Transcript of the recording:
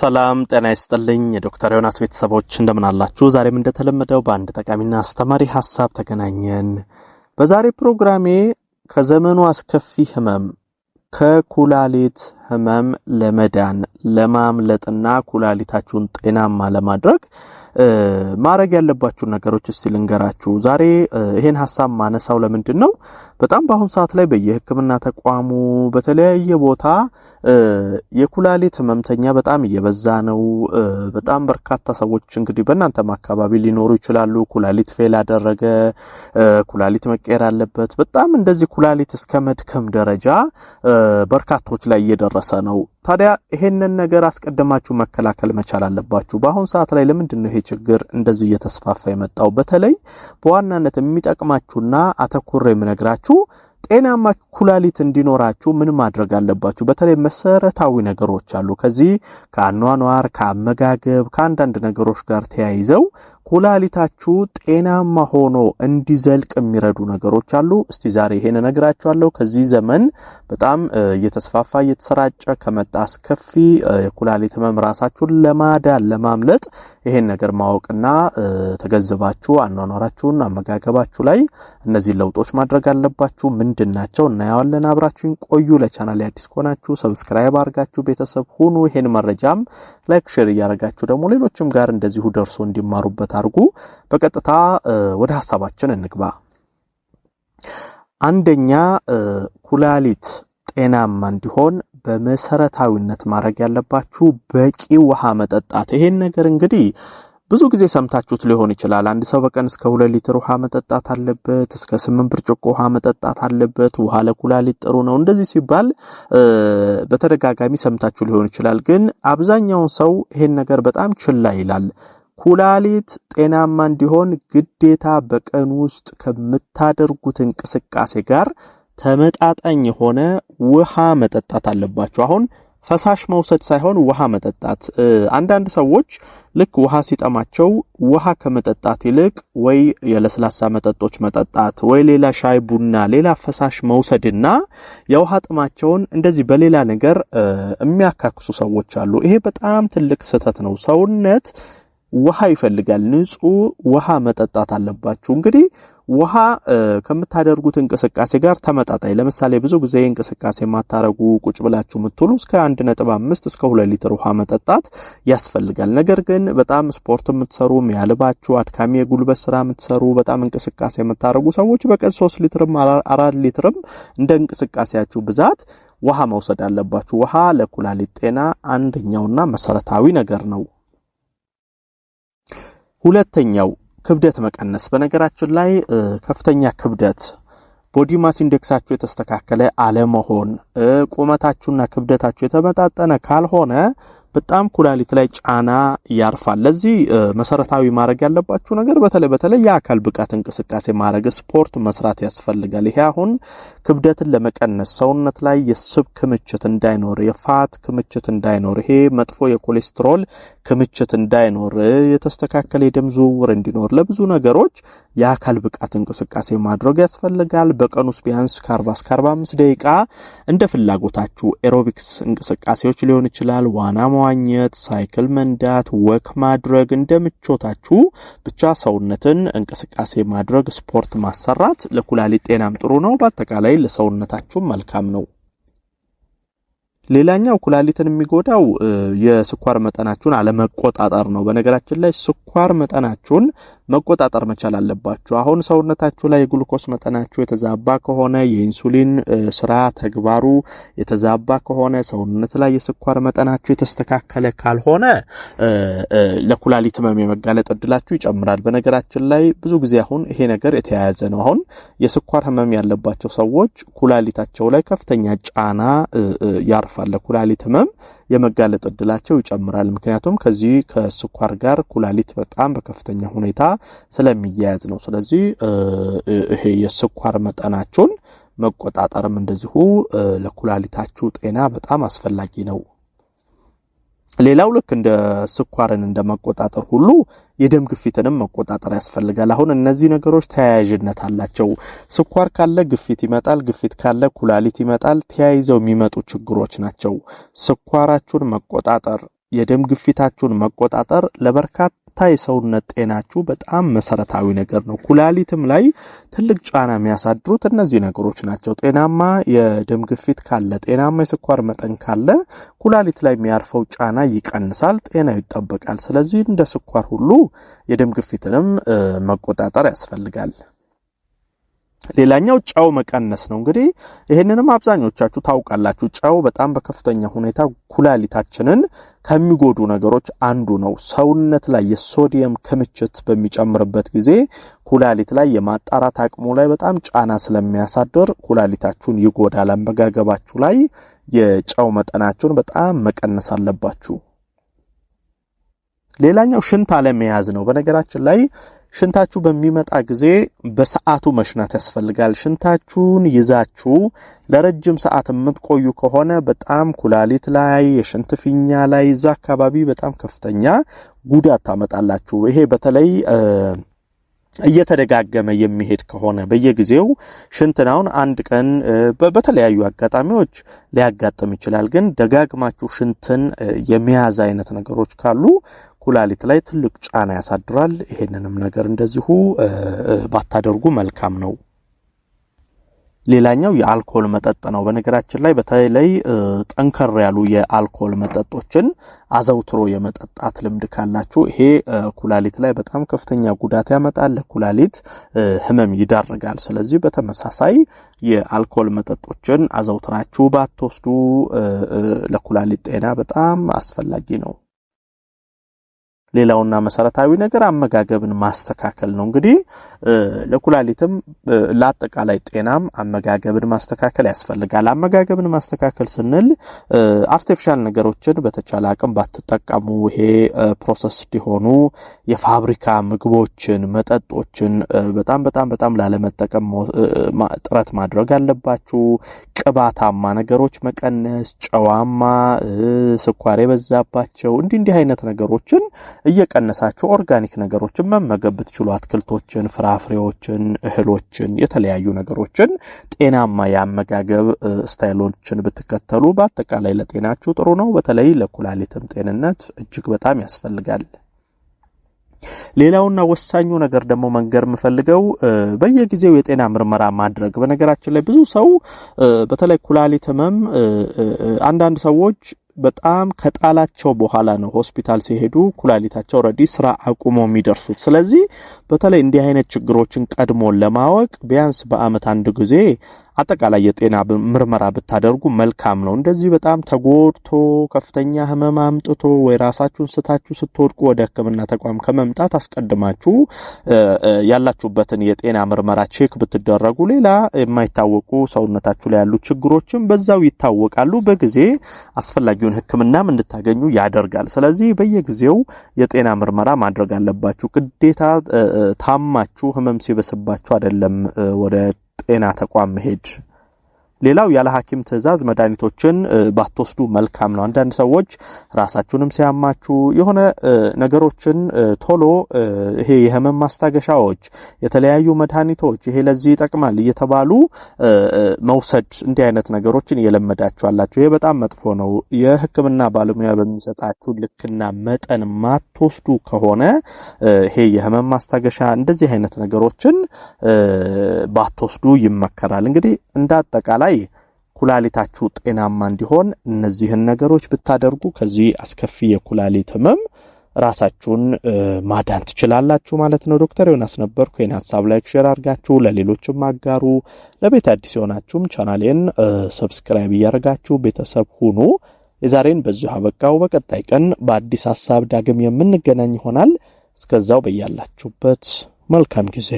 ሰላም ጤና ይስጥልኝ የዶክተር ዮናስ ቤተሰቦች እንደምናላችሁ። ዛሬም እንደተለመደው በአንድ ጠቃሚና አስተማሪ ሀሳብ ተገናኘን። በዛሬ ፕሮግራሜ ከዘመኑ አስከፊ ህመም ከኩላሊት ህመም ለመዳን ለማምለጥና ኩላሊታችሁን ጤናማ ለማድረግ ማድረግ ያለባችሁን ነገሮች እስቲ ልንገራችሁ። ዛሬ ይሄን ሀሳብ ማነሳው ለምንድን ነው? በጣም በአሁን ሰዓት ላይ በየህክምና ተቋሙ በተለያየ ቦታ የኩላሊት ህመምተኛ በጣም እየበዛ ነው። በጣም በርካታ ሰዎች እንግዲህ በእናንተም አካባቢ ሊኖሩ ይችላሉ። ኩላሊት ፌል አደረገ፣ ኩላሊት መቀየር አለበት። በጣም እንደዚህ ኩላሊት እስከ መድከም ደረጃ በርካቶች ላይ እየደረ እየደረሰ ነው። ታዲያ ይሄንን ነገር አስቀድማችሁ መከላከል መቻል አለባችሁ። በአሁን ሰዓት ላይ ለምንድን ነው ይሄ ችግር እንደዚህ እየተስፋፋ የመጣው? በተለይ በዋናነት የሚጠቅማችሁና አተኩሬ የምነግራችሁ ጤናማ ኩላሊት እንዲኖራችሁ ምን ማድረግ አለባችሁ? በተለይ መሰረታዊ ነገሮች አሉ። ከዚህ ከአኗኗር፣ ከአመጋገብ፣ ከአንዳንድ ነገሮች ጋር ተያይዘው ኩላሊታችሁ ጤናማ ሆኖ እንዲዘልቅ የሚረዱ ነገሮች አሉ። እስቲ ዛሬ ይሄን እነግራችኋለሁ። ከዚህ ዘመን በጣም እየተስፋፋ እየተሰራጨ ከመጣ አስከፊ የኩላሊት ህመም ራሳችሁን ለማዳን ለማምለጥ ይሄን ነገር ማወቅና ተገንዝባችሁ አኗኗራችሁን፣ አመጋገባችሁ ላይ እነዚህን ለውጦች ማድረግ አለባችሁ። ምን ምንድን ናቸው እናየዋለን። አብራችሁን ቆዩ። ለቻናል አዲስ ከሆናችሁ ሰብስክራይብ አድርጋችሁ ቤተሰብ ሁኑ። ይሄን መረጃም ላይክ፣ ሼር እያደረጋችሁ ደግሞ ሌሎችም ጋር እንደዚሁ ደርሶ እንዲማሩበት አድርጉ። በቀጥታ ወደ ሀሳባችን እንግባ። አንደኛ ኩላሊት ጤናማ እንዲሆን በመሰረታዊነት ማድረግ ያለባችሁ በቂ ውሃ መጠጣት። ይሄን ነገር እንግዲህ ብዙ ጊዜ ሰምታችሁት ሊሆን ይችላል። አንድ ሰው በቀን እስከ ሁለት ሊትር ውሃ መጠጣት አለበት፣ እስከ ስምንት ብርጭቆ ውሃ መጠጣት አለበት፣ ውሃ ለኩላሊት ጥሩ ነው። እንደዚህ ሲባል በተደጋጋሚ ሰምታችሁ ሊሆን ይችላል። ግን አብዛኛውን ሰው ይሄን ነገር በጣም ችላ ይላል። ኩላሊት ጤናማ እንዲሆን ግዴታ በቀን ውስጥ ከምታደርጉት እንቅስቃሴ ጋር ተመጣጣኝ የሆነ ውሃ መጠጣት አለባችሁ። አሁን ፈሳሽ መውሰድ ሳይሆን ውሃ መጠጣት። አንዳንድ ሰዎች ልክ ውሃ ሲጠማቸው ውሃ ከመጠጣት ይልቅ ወይ የለስላሳ መጠጦች መጠጣት ወይ ሌላ ሻይ፣ ቡና፣ ሌላ ፈሳሽ መውሰድና የውሃ ጥማቸውን እንደዚህ በሌላ ነገር የሚያካክሱ ሰዎች አሉ። ይሄ በጣም ትልቅ ስህተት ነው። ሰውነት ውሃ ይፈልጋል። ንጹህ ውሃ መጠጣት አለባችሁ። እንግዲህ ውሃ ከምታደርጉት እንቅስቃሴ ጋር ተመጣጣኝ። ለምሳሌ ብዙ ጊዜ እንቅስቃሴ ማታረጉ ቁጭ ብላችሁ የምትውሉ እስከ አምስት እስከ ሁለት ሊትር ውሃ መጠጣት ያስፈልጋል። ነገር ግን በጣም ስፖርት የምትሰሩ የሚያልባችሁ፣ አድካሚ የጉልበት ስራ የምትሰሩ፣ በጣም እንቅስቃሴ የምታደርጉ ሰዎች በቀን 3 ሊትርም አራት ሊትርም እንደ እንቅስቃሴያችሁ ብዛት ውሃ መውሰድ አለባችሁ። ውሃ ለኩላሊት ጤና አንደኛውና መሰረታዊ ነገር ነው። ሁለተኛው ክብደት መቀነስ። በነገራችን ላይ ከፍተኛ ክብደት ቦዲ ማስ ኢንዴክሳችሁ የተስተካከለ አለመሆን፣ ቁመታችሁና ክብደታችሁ የተመጣጠነ ካልሆነ በጣም ኩላሊት ላይ ጫና ያርፋል። ለዚህ መሰረታዊ ማድረግ ያለባችሁ ነገር በተለይ በተለይ የአካል ብቃት እንቅስቃሴ ማድረግ፣ ስፖርት መስራት ያስፈልጋል። ይሄ አሁን ክብደትን ለመቀነስ ሰውነት ላይ የስብ ክምችት እንዳይኖር፣ የፋት ክምችት እንዳይኖር፣ ይሄ መጥፎ የኮሌስትሮል ክምችት እንዳይኖር፣ የተስተካከለ የደም ዝውውር እንዲኖር፣ ለብዙ ነገሮች የአካል ብቃት እንቅስቃሴ ማድረግ ያስፈልጋል። በቀን ውስጥ ቢያንስ ከአርባ እስከ ደቂቃ እንደ ፍላጎታችሁ ኤሮቢክስ እንቅስቃሴዎች ሊሆን ይችላል ዋና መዋኘት፣ ሳይክል መንዳት፣ ወክ ማድረግ እንደ ምቾታችሁ ብቻ ሰውነትን እንቅስቃሴ ማድረግ፣ ስፖርት ማሰራት ለኩላሊት ጤናም ጥሩ ነው። በአጠቃላይ ለሰውነታችሁም መልካም ነው። ሌላኛው ኩላሊትን የሚጎዳው የስኳር መጠናችሁን አለመቆጣጠር ነው። በነገራችን ላይ ስኳር መጠናችሁን መቆጣጠር መቻል አለባችሁ። አሁን ሰውነታችሁ ላይ የግሉኮስ መጠናችሁ የተዛባ ከሆነ የኢንሱሊን ስራ ተግባሩ የተዛባ ከሆነ ሰውነት ላይ የስኳር መጠናችሁ የተስተካከለ ካልሆነ ለኩላሊት ህመም የመጋለጥ እድላችሁ ይጨምራል። በነገራችን ላይ ብዙ ጊዜ አሁን ይሄ ነገር የተያያዘ ነው። አሁን የስኳር ህመም ያለባቸው ሰዎች ኩላሊታቸው ላይ ከፍተኛ ጫና ያርፋል። ይቀንሷል። ለኩላሊት ህመም የመጋለጥ እድላቸው ይጨምራል። ምክንያቱም ከዚህ ከስኳር ጋር ኩላሊት በጣም በከፍተኛ ሁኔታ ስለሚያያዝ ነው። ስለዚህ ይሄ የስኳር መጠናቸውን መቆጣጠርም እንደዚሁ ለኩላሊታችሁ ጤና በጣም አስፈላጊ ነው ሌላው ልክ እንደ ስኳርን እንደመቆጣጠር ሁሉ የደም ግፊትንም መቆጣጠር ያስፈልጋል። አሁን እነዚህ ነገሮች ተያያዥነት አላቸው። ስኳር ካለ ግፊት ይመጣል፣ ግፊት ካለ ኩላሊት ይመጣል። ተያይዘው የሚመጡ ችግሮች ናቸው። ስኳራችሁን መቆጣጠር፣ የደም ግፊታችሁን መቆጣጠር ለበርካታ የሰውነት ጤናችሁ በጣም መሰረታዊ ነገር ነው። ኩላሊትም ላይ ትልቅ ጫና የሚያሳድሩት እነዚህ ነገሮች ናቸው። ጤናማ የደም ግፊት ካለ፣ ጤናማ የስኳር መጠን ካለ ኩላሊት ላይ የሚያርፈው ጫና ይቀንሳል፣ ጤናው ይጠበቃል። ስለዚህ እንደ ስኳር ሁሉ የደም ግፊትንም መቆጣጠር ያስፈልጋል። ሌላኛው ጨው መቀነስ ነው። እንግዲህ ይህንንም አብዛኞቻችሁ ታውቃላችሁ። ጨው በጣም በከፍተኛ ሁኔታ ኩላሊታችንን ከሚጎዱ ነገሮች አንዱ ነው። ሰውነት ላይ የሶዲየም ክምችት በሚጨምርበት ጊዜ ኩላሊት ላይ የማጣራት አቅሙ ላይ በጣም ጫና ስለሚያሳድር ኩላሊታችሁን ይጎዳል። አመጋገባችሁ ላይ የጨው መጠናችሁን በጣም መቀነስ አለባችሁ። ሌላኛው ሽንት አለመያዝ ነው። በነገራችን ላይ ሽንታችሁ በሚመጣ ጊዜ በሰዓቱ መሽናት ያስፈልጋል። ሽንታችሁን ይዛችሁ ለረጅም ሰዓት የምትቆዩ ከሆነ በጣም ኩላሊት ላይ፣ የሽንት ፊኛ ላይ እዛ አካባቢ በጣም ከፍተኛ ጉዳት ታመጣላችሁ። ይሄ በተለይ እየተደጋገመ የሚሄድ ከሆነ በየጊዜው ሽንትናውን አንድ ቀን በተለያዩ አጋጣሚዎች ሊያጋጥም ይችላል። ግን ደጋግማችሁ ሽንትን የሚያዝ አይነት ነገሮች ካሉ ኩላሊት ላይ ትልቅ ጫና ያሳድራል። ይሄንንም ነገር እንደዚሁ ባታደርጉ መልካም ነው። ሌላኛው የአልኮል መጠጥ ነው። በነገራችን ላይ በተለይ ጠንከር ያሉ የአልኮል መጠጦችን አዘውትሮ የመጠጣት ልምድ ካላችሁ ይሄ ኩላሊት ላይ በጣም ከፍተኛ ጉዳት ያመጣል፣ ለኩላሊት ሕመም ይዳርጋል። ስለዚህ በተመሳሳይ የአልኮል መጠጦችን አዘውትራችሁ ባትወስዱ ለኩላሊት ጤና በጣም አስፈላጊ ነው። ሌላውና መሰረታዊ ነገር አመጋገብን ማስተካከል ነው። እንግዲህ ለኩላሊትም ለአጠቃላይ ጤናም አመጋገብን ማስተካከል ያስፈልጋል። አመጋገብን ማስተካከል ስንል አርቲፊሻል ነገሮችን በተቻለ አቅም ባትጠቀሙ፣ ይሄ ፕሮሰስ እንዲሆኑ የፋብሪካ ምግቦችን፣ መጠጦችን በጣም በጣም በጣም ላለመጠቀም ጥረት ማድረግ አለባችሁ። ቅባታማ ነገሮች መቀነስ፣ ጨዋማ፣ ስኳር የበዛባቸው እንዲህ እንዲህ አይነት ነገሮችን እየቀነሳችሁ ኦርጋኒክ ነገሮችን መመገብ ብትችሉ አትክልቶችን፣ ፍራፍሬዎችን፣ እህሎችን፣ የተለያዩ ነገሮችን ጤናማ የአመጋገብ ስታይሎችን ብትከተሉ በአጠቃላይ ለጤናችሁ ጥሩ ነው። በተለይ ለኩላሊትም ጤንነት እጅግ በጣም ያስፈልጋል። ሌላውና ወሳኙ ነገር ደግሞ መንገር የምፈልገው በየጊዜው የጤና ምርመራ ማድረግ። በነገራችን ላይ ብዙ ሰው በተለይ ኩላሊት ህመም አንዳንድ ሰዎች በጣም ከጣላቸው በኋላ ነው ሆስፒታል ሲሄዱ ኩላሊታቸው ረዲ ስራ አቁሞ የሚደርሱት። ስለዚህ በተለይ እንዲህ አይነት ችግሮችን ቀድሞ ለማወቅ ቢያንስ በአመት አንድ ጊዜ አጠቃላይ የጤና ምርመራ ብታደርጉ መልካም ነው። እንደዚህ በጣም ተጎድቶ ከፍተኛ ህመም አምጥቶ ወይ ራሳችሁን ስታችሁ ስትወድቁ ወደ ሕክምና ተቋም ከመምጣት አስቀድማችሁ ያላችሁበትን የጤና ምርመራ ቼክ ብትደረጉ ሌላ የማይታወቁ ሰውነታችሁ ላይ ያሉ ችግሮችም በዛው ይታወቃሉ። በጊዜ አስፈላጊውን ሕክምናም እንድታገኙ ያደርጋል። ስለዚህ በየጊዜው የጤና ምርመራ ማድረግ አለባችሁ። ግዴታ ታማችሁ ህመም ሲበስባችሁ አይደለም ወደ ጤና ተቋም መሄድ ሌላው ያለ ሐኪም ትዕዛዝ መድኃኒቶችን ባትወስዱ መልካም ነው። አንዳንድ ሰዎች ራሳችሁንም ሲያማችሁ የሆነ ነገሮችን ቶሎ ይሄ የህመም ማስታገሻዎች፣ የተለያዩ መድኃኒቶች ይሄ ለዚህ ይጠቅማል እየተባሉ መውሰድ እንዲህ አይነት ነገሮችን እየለመዳችሁ አላችሁ። ይሄ በጣም መጥፎ ነው። የህክምና ባለሙያ በሚሰጣችሁ ልክና መጠን ማትወስዱ ከሆነ ይሄ የህመም ማስታገሻ እንደዚህ አይነት ነገሮችን ባትወስዱ ይመከራል። እንግዲህ እንደ አጠቃላይ ላይ ኩላሊታችሁ ጤናማ እንዲሆን እነዚህን ነገሮች ብታደርጉ ከዚህ አስከፊ የኩላሊት ህመም ራሳችሁን ማዳን ትችላላችሁ ማለት ነው። ዶክተር ዮናስ ነበርኩ። ይህን ሀሳብ ላይክ፣ ሼር አድርጋችሁ ለሌሎችም አጋሩ። ለቤት አዲስ የሆናችሁም ቻናሌን ሰብስክራይብ እያደረጋችሁ ቤተሰብ ሁኑ። የዛሬን በዚሁ አበቃው። በቀጣይ ቀን በአዲስ ሀሳብ ዳግም የምንገናኝ ይሆናል። እስከዛው በያላችሁበት መልካም ጊዜ